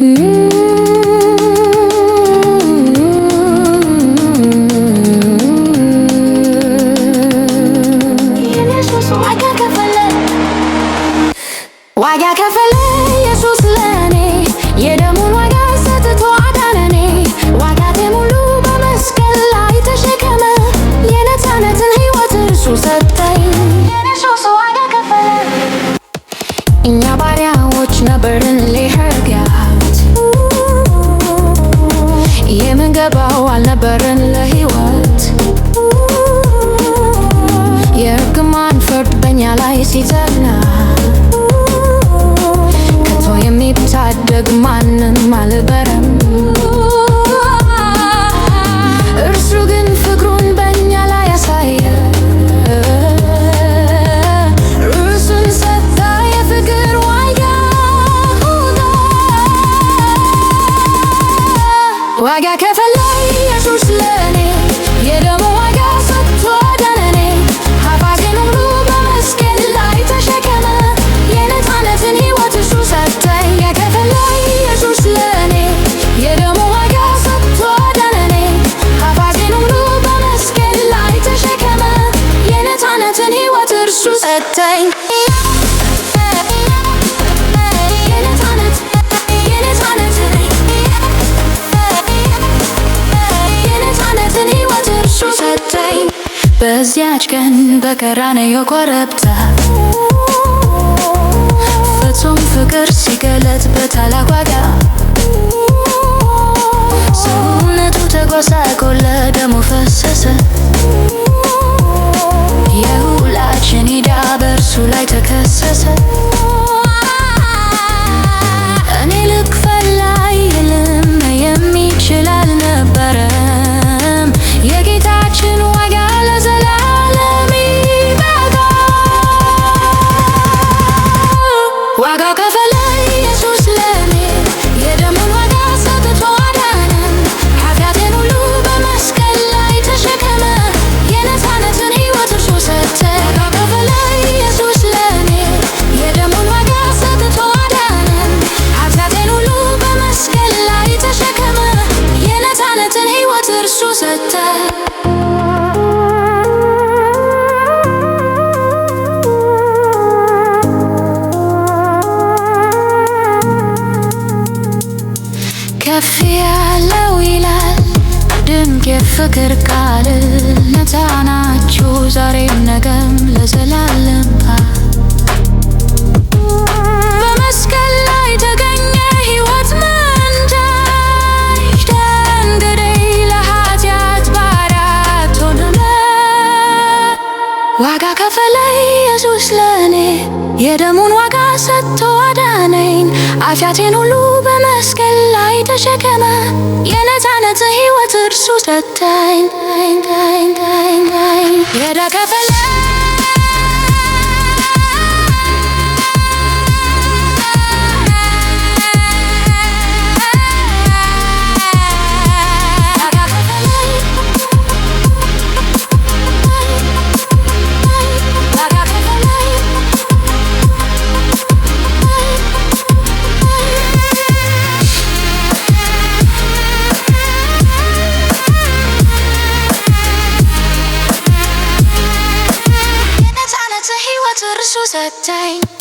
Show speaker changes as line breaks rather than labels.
ዋጋ ከፈለ ኢየሱስ ለኔ የደሙን ዋጋ ሰጥቶ አዳነኔ። ዋጋ ሙሉ በመስቀል ላይ ተሸከመ የነፃነትን ሕይወት እርሱ ሰጠ።
ላይ ሲጠና ከቶ የሚታደግ ማንም አልበረም። እርሱ ግን ፍቅሩን በእኛ ላይ ያሳየ። እርሱን ሰጠ የፍቅር
ዋጋ ፈታኝ
በዚያች ቀን በቀራንዮ ኮረብታ ፍጹም ፍቅር ሲገለጥ በታላቋ ከፍ ያለው ይላል ድንቅ የፍቅር ቃል ነፃናችሁ ዛሬም ነገም ለዘላለም ላይ ተገኘ ሕይወት መንዳሽ ደንግደይ ለኃጢአት ባራት ሆነ
ዋጋ ከፈለ ኢየሱስ ለእኔ የደሙን ዋጋ ሰጥቶ አዳነኝ አፍያቴን ሁሉ በመስቀል ላይ ተሸከመ። የነፃነት ህይወት እርሱ ሰጠኝ። የዕዳ a